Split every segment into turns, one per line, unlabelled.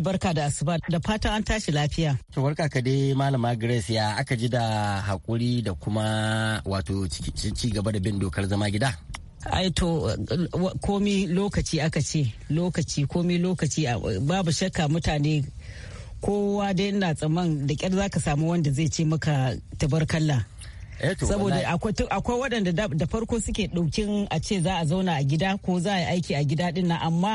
mana barka da asuba da fatan an tashi lafiya. To barka ka dai malama Grace ya aka ji da hakuri da kuma wato ci gaba da bin dokar zama gida. ai to komi lokaci aka ce lokaci komi lokaci babu shakka mutane kowa dai ina tsaman da kyar zaka samu wanda zai ce maka tabarkalla eh saboda akwai waɗanda da farko suke ɗaukin a ce za a zauna a gida ko za a yi aiki a gida ɗin amma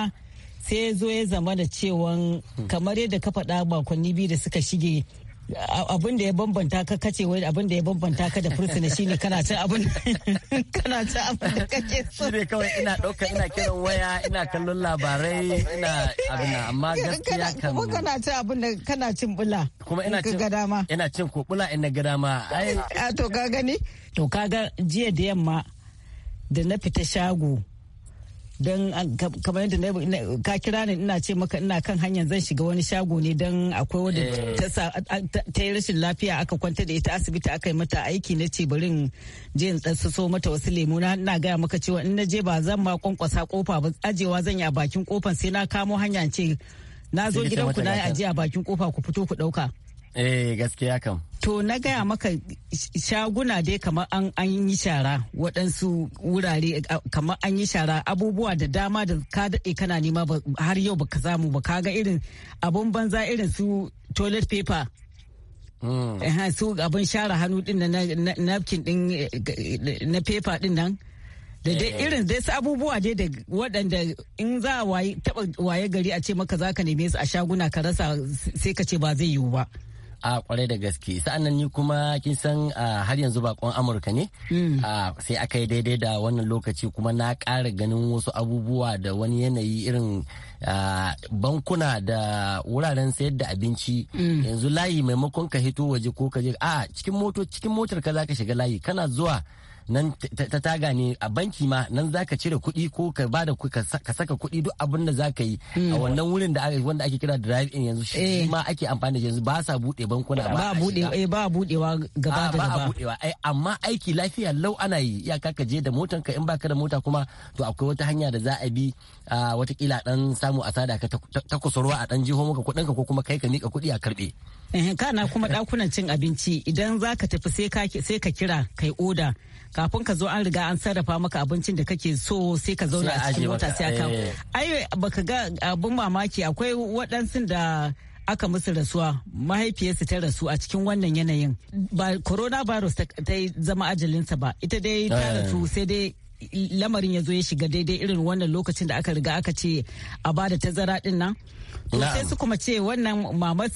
sai zo ya zama da cewan kamar yadda ka faɗa makonni biyu da suka shige abin da ya bambanta ka kace wai abin da ya bambanta ka da fursuna shine kana cin abin kana cin abin da kake so shine kawai
ina dauka ina kiran waya ina kallon labarai ina abin amma gaskiya kan kuma kana
cin abin da kana cin bula kuma ina cin gadama
ina cin ko bula ina ga dama
ai to ka gani to kaga jiya da yamma da na fita shago don ah, kamar yadda ka kira ni ina ce maka ina kan hanyar zan shiga wani shago ne don akwai wadda eh. ta yi rashin lafiya aka kwanta da ita asibiti aka yi mata aiki na ce barin je in so mata wasu lemu na ina gaya maka cewa in na je ba zan ma kwankwasa kofa ba ajewa zan yi a bakin kofan sai na kamo hanya ce na zo gidanku na yi ajiya bakin kofa ku fito ku ɗauka.
Eh gaskiya kam.
To na gaya maka shaguna dai kamar an an yi shara waɗansu wurare kamar an yi shara abubuwa da dama da ka daɗe kana nema ba har yau baka samu ba ka ga irin abun banza irin su toilet paper. Hmm. su abun share hannu din na napkin din na paper din nan. da dai eh. irin dai su abubuwa dai da waɗanda in za a waye gari a ce maka za ka neme su a shaguna ka rasa sai
ka ce ba zai yiwu ba. a kwarai da gaske sa'annan
ni kuma kin san
har yanzu bakon amurka ne mm. sai aka yi daidai da wannan lokaci kuma na ƙara ganin wasu abubuwa da wani yanayi irin bankuna da wuraren sayar da abinci mm. yanzu layi maimakon ka hito waje ko ka je a cikin motar ka za ka shiga layi kana zuwa nan ta taga ne a banki ma nan za ka cire kuɗi ko ka ba da ka saka kuɗi duk abin da ka yi a hmm. wannan wurin da wanda ake kira drive in yanzu shi eh. ma ake amfani da yanzu ba sa buɗe bankuna ba a buɗe eh,
ba buɗewa gaba da gaba ba buɗewa
eh, amma aiki lafiya lau ana yi ya ka je da motan ka in baka da mota kuma to akwai wata hanya da za a bi wata kila dan samu asada ka ta kusurwa a dan jiho maka
kuɗin ka ko kuma kai ka mika kuɗi a karɓe kana kuma ɗakunan cin abinci idan za ka tafi sai ka kira kai oda kafin ka zo an riga an sarrafa maka abincin da kake so sai ka zauna a cikin wata sai ka eh. ai baka ga abin mamaki akwai waɗansu da aka musu rasuwa mahaifiyarsu ta rasu a cikin wannan yanayin ba corona coronavirus ta zama ajalinsa ba ita dai ta eh. rasu sai dai lamarin ya zo ya shiga daidai irin wannan lokacin da aka riga aka ce a ba da tazara din nan sai su kuma ce wannan mamas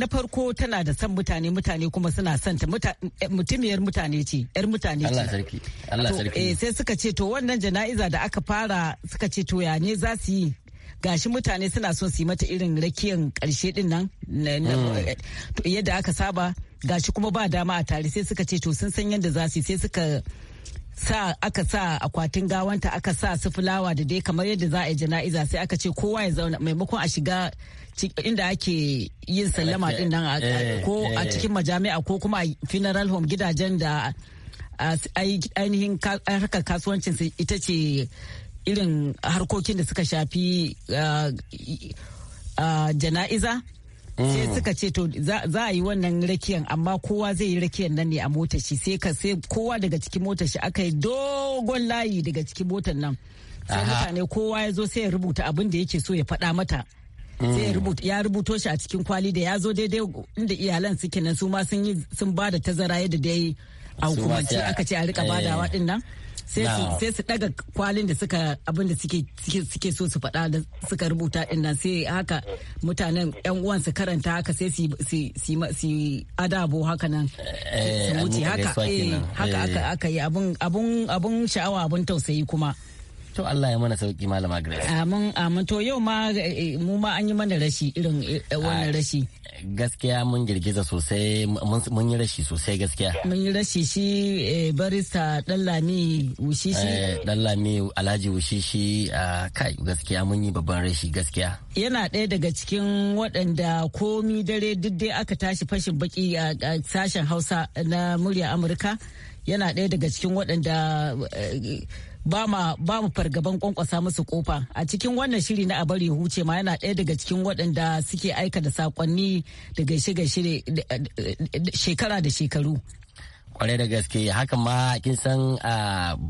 na farko tana da son mutane mutane kuma suna son ta mutumiyar mutane ce yar mutane ce Allah sarki Allah sarki eh, sai suka ce to wannan jana'iza da aka fara suka ce to ya ne za su yi gashi mutane suna son su yi mata irin rakiyan karshe din nan hmm. eh, yadda aka saba gashi kuma ba dama a tare sai suka ce to sun san yadda za su yi sai suka sa aka sa akwatin gawanta aka sa su fulawa da dai kamar yadda za a jana'iza sai aka ce kowa ya zauna maimakon a shiga inda ake yin sallama din nan eh, eh, ko a eh. cikin majami'a ko kuma a funeral home gidajen da ainihin harka kasuwancin ita ce irin harkokin da suka shafi ah, ah, jana'iza sai mm. suka ce to za a yi wannan rakiyan amma kowa zai yi rakiyan nan ne a motar shi sai ka sai kowa daga cikin motar shi aka yi dogon layi daga cikin motar nan sai mutane kowa ya zo sai ya rubuta abin da yake so ya faɗa mata sai mm. ya rubuto shi a cikin kwali da ya zo daidai inda iyalan suke nan su ma sun ba da tazara yadda dai a hukumance aka ce a rika eh. badawa din sai su daga kwalin da suka abin da suke so su faɗa da suka rubuta din nan sai haka mutanen yan uwan su karanta haka sai su su adabo haka nan eh, su eh, wuce haka eh, haka aka yi abun sha'awa abun tausayi kuma To Allah ya mana sauki malama Grace. Amin amin to yau ma eh, eh, mu ma an yi mana rashi irin eh, wannan rashi.
Gaskiya mun girgiza sosai mun yi rashi sosai gaskiya.
Mun yi rashi shi barista Dallami Wushishi.
Dallami Alhaji Wushishi ah, kai gaskiya mun yi babban rashi gaskiya.
Yana ɗaya daga cikin waɗanda komi dare duk dai aka tashi fashin baki a sashen Hausa na murya Amurka. Yana ɗaya daga cikin waɗanda ba mu fargaban kwankwasa musu kofa a cikin wannan shiri na abari huce ma yana ɗaya daga cikin waɗanda suke aika da saƙonni da gaishe shekara da shekaru
kwarai da gaske haka ma kin san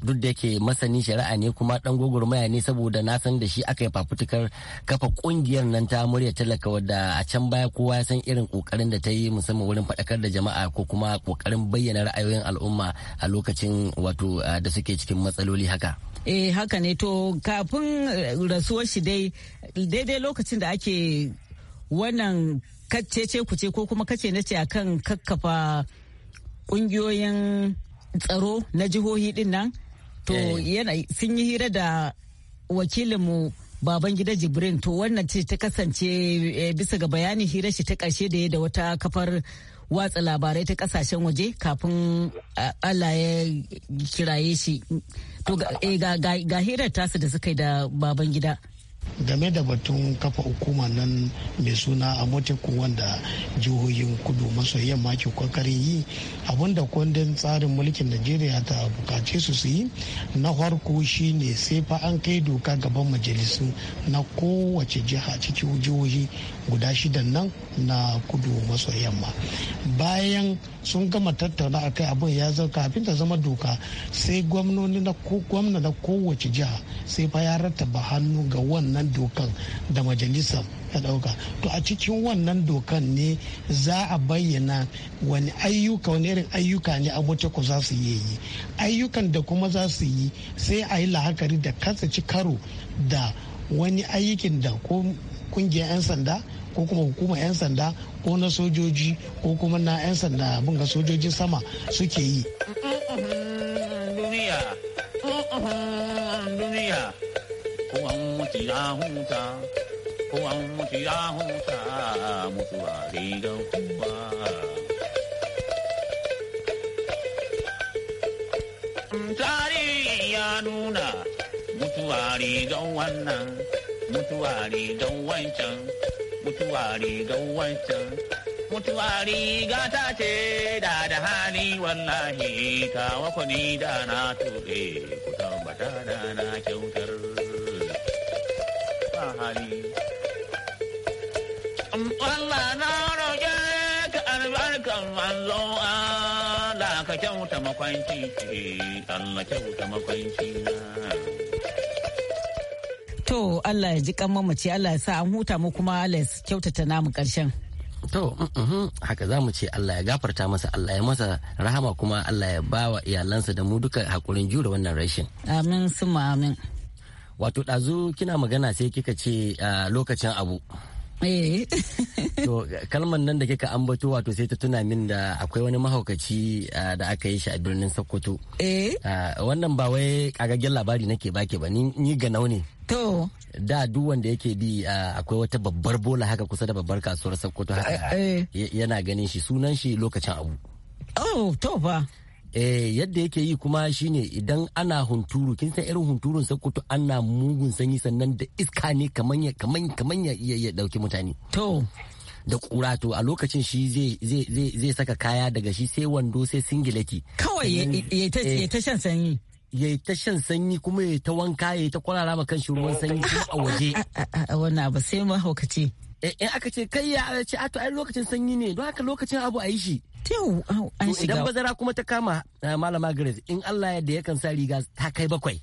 duk da yake masani shari'a ne kuma dan gwagwarmaya ne saboda na san da shi aka yi fafutukar kafa kungiyar nan ta murya talaka wadda a can baya kowa ya san irin kokarin da ta yi musamman wurin faɗakar da jama'a ko kuma kokarin bayyana ra'ayoyin al'umma a lokacin wato da suke cikin matsaloli haka
eh haka ne to kafin rasuwar shi dai daidai lokacin da ake wannan kacce ce kuce ko kuma kace nace akan kakkafa kungiyoyin tsaro na jihohi din nan to eh. yana sun yi hira da wakilinmu baban gida jibrin to wannan ce ta kasance eh, bisa ga bayanin hirar shi ta karshe da ya da wata kafar watsa labarai ta kasashen waje kafin Allah ya kiraye shi to eh, ga hirar tasu da suka yi da baban gida
game da batun kafa hukuma nan mai suna a moteku wanda jihohin kudu maso yamma ke kokarin yi abinda kundin tsarin mulkin najeriya ta bukace su su yi na farko shine sai fa an kai doka gaban majalisu na kowace jiha cikin jihohi guda shidan nan na kudu maso yamma bayan sun gama tattauna a kai abin ya zarka kafin ta zama doka sai gwamnoni na ko gwamna na kowace jiha sai fa ya rattaba hannu ga wannan dokan da majalisa ta dauka to a cikin wannan dokan ne za a bayyana wani ayyuka wani irin ayyuka ne ku za su yi ayyukan da kuma za su yi sai a yi la'akari da kasa ci karo da wani aikin da ko kungiyar 'yan sanda ko kuma hukumar 'yan sanda ko na sojoji ko kuma na 'yan sanda abin ga sojojin sama suke yi. Tarihi ya nuna
mutuwa rigar wannan Mutuwari rigar wancan mutuwari rigar wancan mutuwari riga ta ce da da hali wallahi ta wako ni da na tuɗe ku tambata da na kyautar ba hali Allah na roƙe ka albarkan manzo Allah ka kyauta makwanci Allah kyauta makwanci na
Allah ya ji kan mamaci Allah ya sa an huta mu kuma Allah ya kyautata namu karshen
to haka za mu ce Allah ya gafarta masa Allah ya masa rahama kuma Allah ya ba wa iyalansa da mu duka hakurin jure wannan rashin
amin suma amin
wato ɗazu kina magana sai kika ce ah, lokacin abu Eh. to kalmar nan da kika ambato wato sai ta tuna min da akwai wani mahaukaci ah, da aka yi shi a birnin Sokoto. Eh. Ah, wannan ba wai kagaggen labari nake baki ba ni ga ne. To. Da duk wanda yake bi ah, akwai wata babbar bola haka kusa da babbar kasuwar Sokoto haka. Eh, eh. Yana ganin shi sunan shi lokacin abu.
Oh, to ba.
eh yadda yake yi kuma shine idan ana hunturu kin san irin hunturun kutu ana mugun sanyi sannan da iska ne kaman ya kaman kaman ya iya dauki mutane to da kura to a lokacin shi zai saka kaya daga shi sai wando sai singileti
kawai ya ta eh, shan sanyi ya ta shan sanyi kuma ya ta wanka ya ta kwarara ma kanshi ruwan sanyi a waje wannan abu sai mahaukaci eh, in aka ce kai
ya ce a to ai lokacin
sanyi ne don haka lokacin abu a yi shi Idan bazara kuma ta
kama eh, malama Grace in Allah yadda yakan sa riga ta kai bakwai.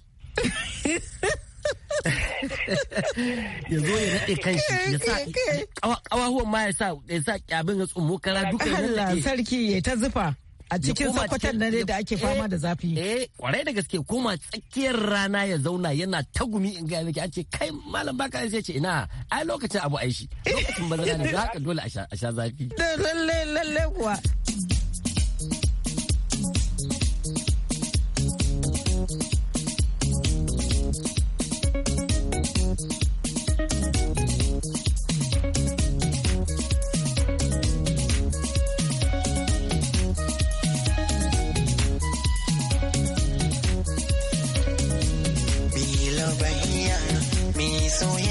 ya zo ya naɗe kan shi ya sa ƙawahuwan ma ya sa abin ya tsummo kara duka ya
sarki ya ta zufa.
a cikin sakwatar na da ake fama eh, da zafi eh kwarai da gaske koma tsakiyar rana ya zauna yana tagumi in ga miki a ce kai malam baka sai ce ina ai lokacin abu aishi lokacin bazara ne za ka dole a sha zafi
lalle lalle kuwa ¡Soy!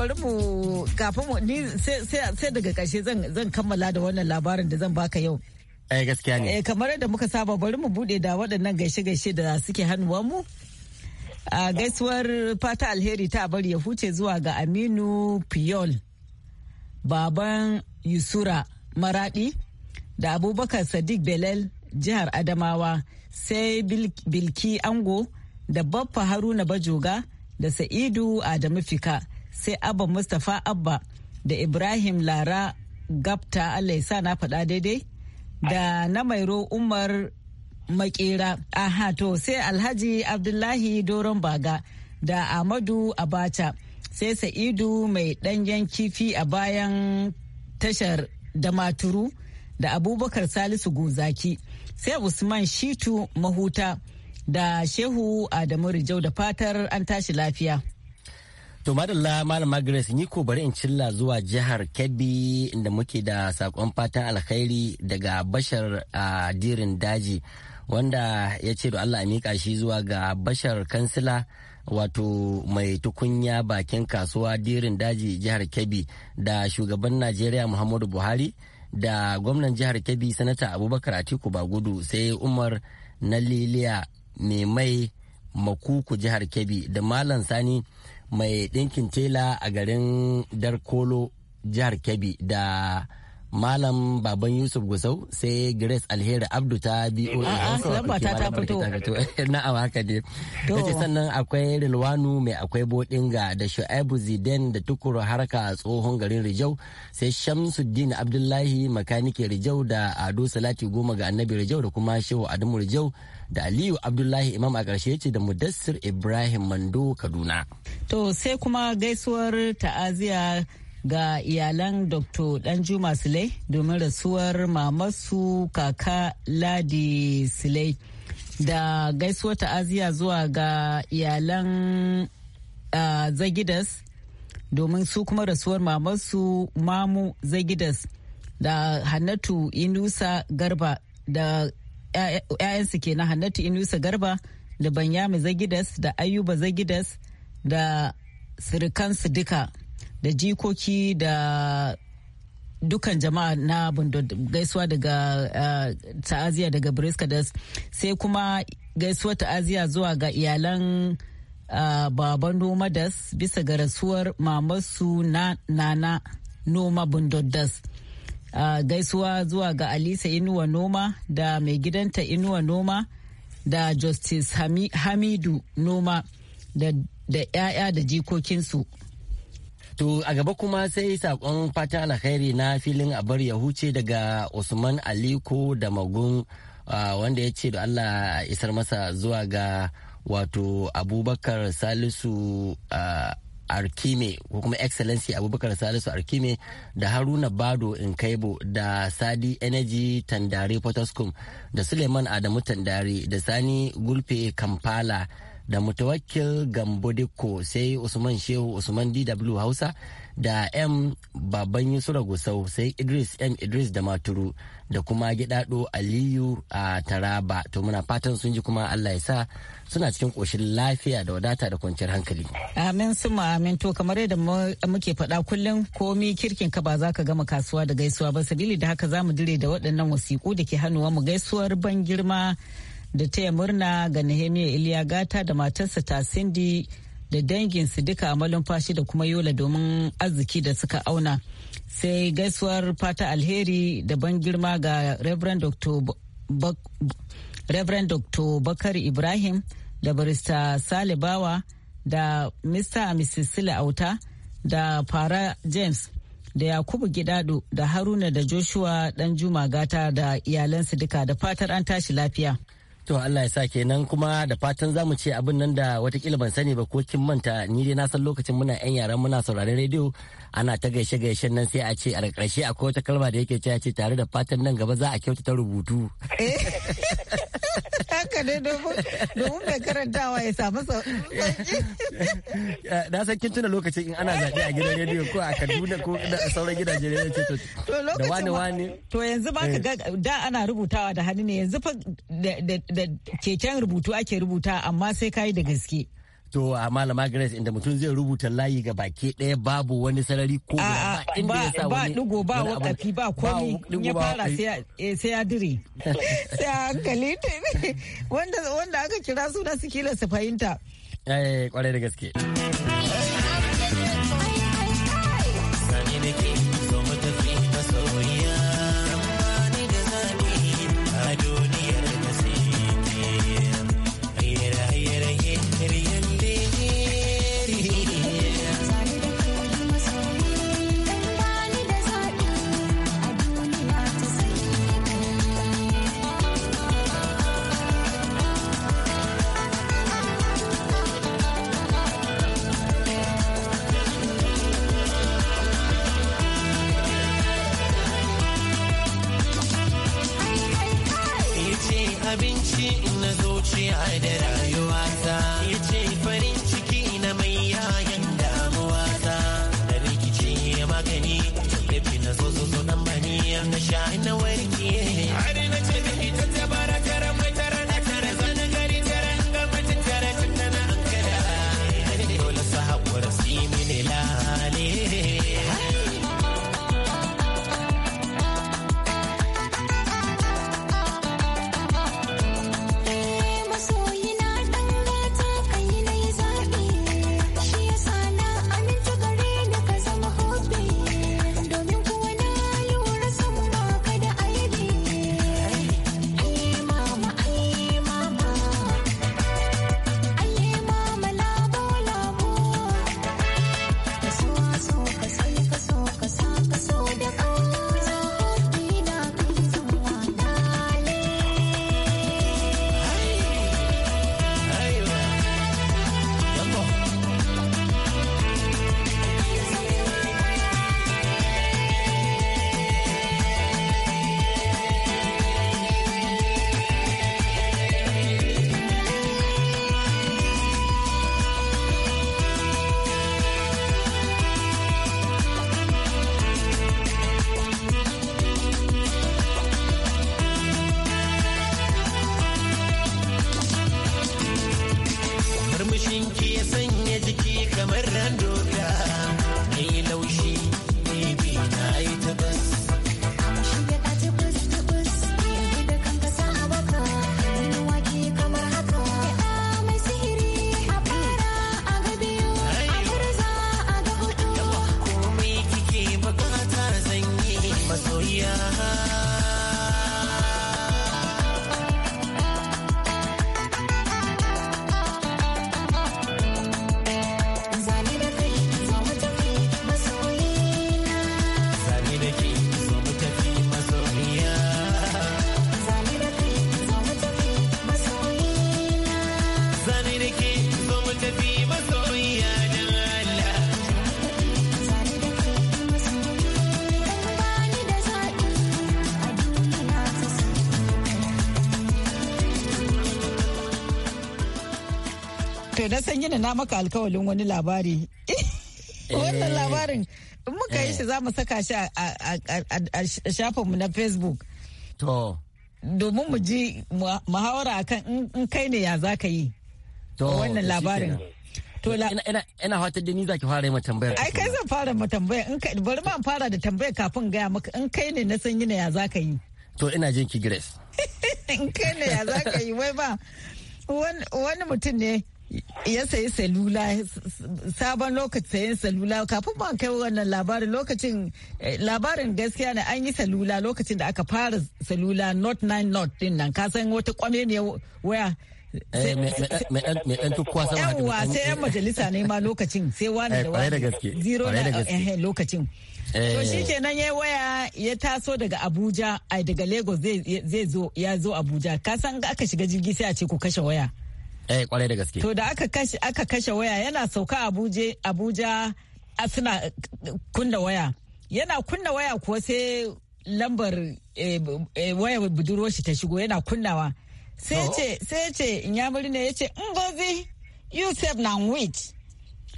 bari mu kafin mu ni sai daga ƙarshe zan kammala da wannan labarin da zan baka yau. Eh gaskiya ne. Eh kamar yadda muka saba bari mu bude da waɗannan gaishe-gaishe da suke hannuwan mu. A gaisuwar fata alheri ta bari ya huce zuwa ga Aminu Piyol, baban Yusura Maradi, da Abubakar Sadiq Belal jihar Adamawa, sai Bilki Ango, da Baffa Haruna Bajoga, da Sa'idu Adamu Fika. sai abba mustapha abba da ibrahim lara gabta allah ya sa na faɗa daidai da na mairo umar makera aha to sai alhaji abdullahi doron baga da amadu abacha sai sa'idu mai ɗanyen kifi a bayan tashar da maturu da abubakar salisu guzaki sai usman shitu mahuta da shehu adamu rijau da fatar an tashi lafiya
To madalla malama Grace ni ko bari in cilla zuwa jihar Kebbi inda muke da sakon fatan alkhairi daga Bashar a dirin daji wanda ya ce da Allah a mika shi zuwa ga Bashar kansila wato mai tukunya bakin kasuwa dirin daji jihar Kebbi da shugaban Najeriya Muhammadu Buhari da gwamnan jihar Kebbi sanata Abubakar Atiku Bagudu sai Umar Naliliya mai mai makuku jihar Kebbi da Malam Sani mai ɗinkin tela a garin darkolo jihar kebbi da malam baban yusuf gusau sai grace alheri abdu ta boa lambata na'am haka ne ce sannan akwai rilwanu mai akwai bodinga da shu'aibu zidane da tukuru harka tsohon garin rijau sai shamsuddin abdullahi makanike rijau da ado salati goma ga annabi rijau da kuma shehu adamu rijau da aliyu abdullahi imam a ƙarshe ce da mudassir ibrahim mando kaduna
to sai kuma gaisuwar ta'aziya ga iyalan dr danjuma sule domin rasuwar mamasu kaka ladi sule da gaisuwar ta'aziya zuwa ga iyalan uh, zagidas domin su kuma rasuwar mamasu mamu zagidas da hannatu inusa garba da 'ya'yansu na hannatu inusa garba da banyami zagidas da ayuba zagidas da sirikan duka da jikoki da dukan jama'a na bundo gaisuwa daga eh, ta'aziya daga briskadas sai kuma gaisuwa ta'aziya zuwa ga iyalan uh, baban nomadas bisa ga rasuwar mamarsu na nana noma das. uh, gaisuwa zuwa ga alisa inuwa noma da mai gidanta inuwa noma da justice Hami, hamidu noma da da 'ya'ya da jikokinsu To a gaba kuma sai
sakon fata alkhairi na filin abar ya huce daga Usman Aliko da Magun wanda ya ce da Allah isar masa zuwa ga wato Abubakar Salisu arkime ko kuma excellency abubakar salisu arkime da haruna bado inkaibo da sadi energy tandare potoscom da suleiman adamu tandare da sani gulfe kampala da mutawakil gambo dikko sai usman shehu usman dw hausa da m baban yusura gusau sai idris m idris da maturu da kuma gidado aliyu a taraba to muna fatan sun ji kuma allah ya sa suna cikin koshin lafiya da wadata da kwanciyar hankali
amin suma amin to kamar yadda muke faɗa kullum komi kirkin ka ba za ka gama kasuwa da gaisuwa ba sabili da haka za mu dire da waɗannan wasiƙu da ke hannuwa mu gaisuwar ban girma da taya murna ga nehemiya iliya gata da matarsa tasindi da danginsu duka a malumfashi da kuma yola domin arziki da suka auna sai gaisuwar fata alheri da ban girma ga reverend dr Bakar Ibrahim da barista Salibawa da Mr. Mrs. Sila Auta da Fara James da Yakubu Gidado da Haruna da Joshua Danjuma Gata da iyalansu duka da fatar an tashi lafiya. To
Allah ya sa kenan kuma da fatan zamu ce abin nan da wata kila ban sani ba ko kin manta ni dai na san lokacin muna yan yaran muna sauraron rediyo ana ta gaishe gaishe nan sai a ce a ƙarshe akwai wata kalma da yake cewa ce tare da fatan nan gaba za a kyautata rubutu.
Eh. haka ne domin mai karantawa ya samu sauki.
Na san kin tuna lokacin in ana zaɓe a gidan rediyo ko a Kaduna ko a sauran gidajen rediyo ce to da wani wani.
To yanzu ba ka eh. ga da ana rubutawa da hannu ne yanzu fa da keken rubutu ake rubuta amma sai kayi da gaske. to
a malama grace inda mutum zai rubuta layi ga baki daya babu wani sarari ko ba inda ya sa wani ba digo ba wakafi ba komi ya fara sai ya
eh, dire sai hankali wanda aka kira suna su kila su fahimta
eh kwarai da gaske abinci na zuciya da rayuwa ta ya ce farin
ciki na mai yayan
damuwa ta da rikici magani da fi na zo zo zo bani na sha na warke
na maka alkawalin wani labari wannan eh. labarin in muka yi shi eh. za mu saka shi a shafinmu na facebook to domin mu ji muhawara akan in kai ne ya za ka yi wannan labarin
To la ina fatar da ni zaki fara yi tambayar. Ai kai
zan fara ma tambayar in kai bari ma fara da tambayar kafin gaya maka in kai ne na san yi na ya za ka yi. To ina jin ki Grace. In kai ne ya za ka yi wai ba wani mutum ne ya sayi salula sabon lokacin sayan salula kafin ban kai wannan labarin lokacin eh, labarin gaskiya ne an yi salula lokacin da aka fara salula not nine not din nan ka san wata kwame ne waya eh, mai dan tukkuwa sama haka yawa sai yan majalisa ne ma lokacin sai wani eh, da wani zero na lokacin to shi kenan ya waya ya taso daga abuja ai daga lagos zai zo ya zo abuja ka san aka shiga jirgi sai a ce ku kashe waya
eh kwarai da gaske to
da aka kashe aka kashe waya yana sauka Abuja Abuja suna kunna waya yana kunna waya kuwa sai lambar eh, eh waya budurwar shi ta shigo yana kunnawa sai oh. ce sai ce ya ne yace mbozi you save na witch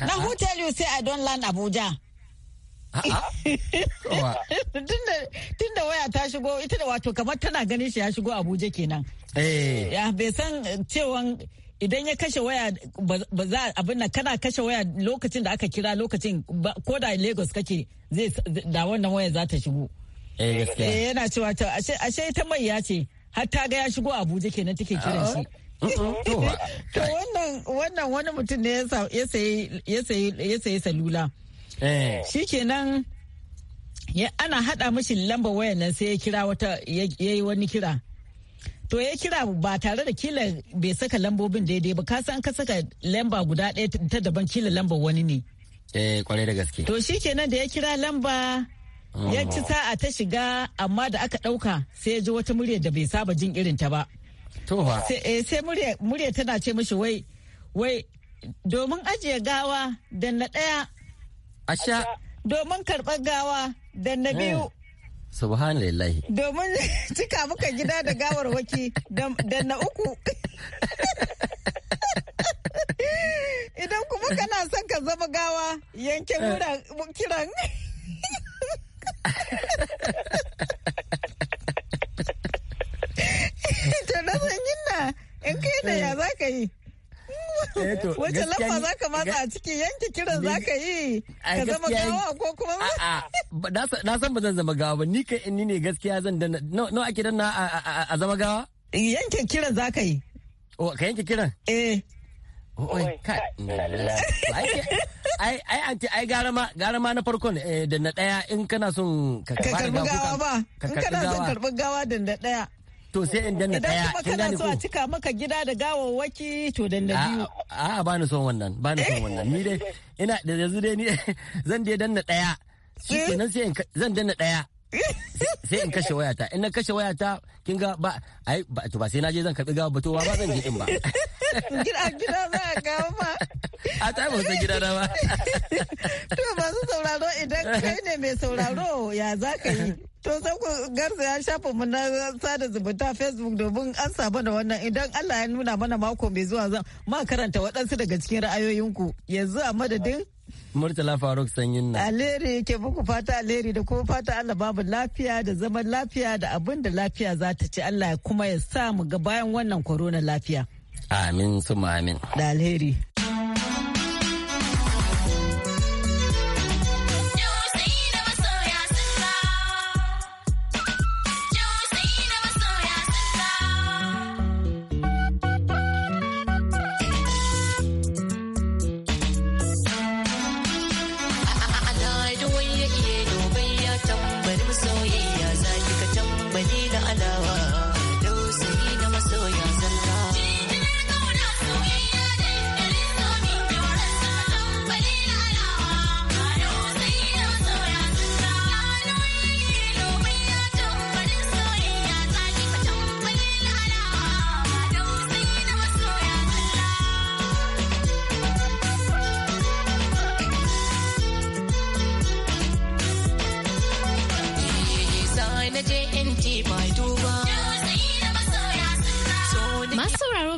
uh -huh. na who ah. tell you say i don land abuja ah, ah. tunda waya ta shigo ita da wato kamar tana ganin shi ya shigo abuja kenan eh. ya bai san cewa idan ya kashe waya ba za abin nan kana kashe waya lokacin da aka kira lokacin ko da Lagos kake zai da wannan waya za ta shigo.
Eh, eh
yana cewa ta ashe ta mai ya ce har ta ga ya shigo Abuja kenan take kiran shi. Uh-huh. Uh-huh. To wannan wannan wani mutum ne ya sayi ya sayi ya sayi salula. Eh. Shikenan ana hada mishi lambar wayar nan sai ya kira wata yayi wani kira. to ya kira ba tare da kila bai saka lambobin daidai ba kasan ka saka lamba guda ɗaya ta daban kila lamba wani ne eh kwarai da gaske to shikenan da ya kira lamba ya ci oh. sa'a ta shiga amma da aka ɗauka sai ya ji wata murya da bai saba jin irin ta ba sai eh, murya tana ce mishi wai wai domin ajiye gawa da na ɗaya domin karɓar gawa da na eh. biyu
Subhanallah.
domin cika muka gida da gawar waki da na uku idan kuma kana son ka zama gawa yanke eh. kiran to na san na in kai da ya za ka yi Eh, Wace lamba za ka matsa a ciki yanke kiran za ka yi ka zama gawa ko kuma
na san ba zan zama gawa ba ni ka ni ne gaskiya zan danna nawa ake danna a zama gawa yanke kiran za ka yi ka yanke kiran eh Oi, kai. Ai, ai, anti, ai gara ma, gara ma na farkon eh, da na ɗaya in kana son ka gawa ba. Ka gawa.
gawa da na ɗaya. to sai in danna daya kin gane ko idan kuma kana so a cika maka gida da gawawwaki to dan da biyu
a'a bani son wannan bani son eh? wannan ni dai ina da yanzu dai ni zan dai danna daya eh? kenan sai in zan danna daya eh? sai in kashe wayata in na kashe wayata kin ga ba ai ba to ba sai na je zan karbi gawa batowa ba zan je din ba
Gida gida za a kawo ma.
A ta musa gida na ba.
To masu sauraro idan kai ne mai sauraro ya za ka yi. To sai ku garza ya shafa mu na sada zumunta Facebook domin an saba da wannan idan Allah ya nuna mana mako mai zuwa zan ma karanta waɗansu daga cikin ra'ayoyinku yanzu a madadin.
Murtala Faruk Sanyin na.
aleri ke muku fata aleri da kuma fata Allah babu lafiya da zaman lafiya da abin da lafiya za ta ci Allah ya kuma ya sa mu ga bayan wannan korona lafiya.
Amin suma amin. Da alheri.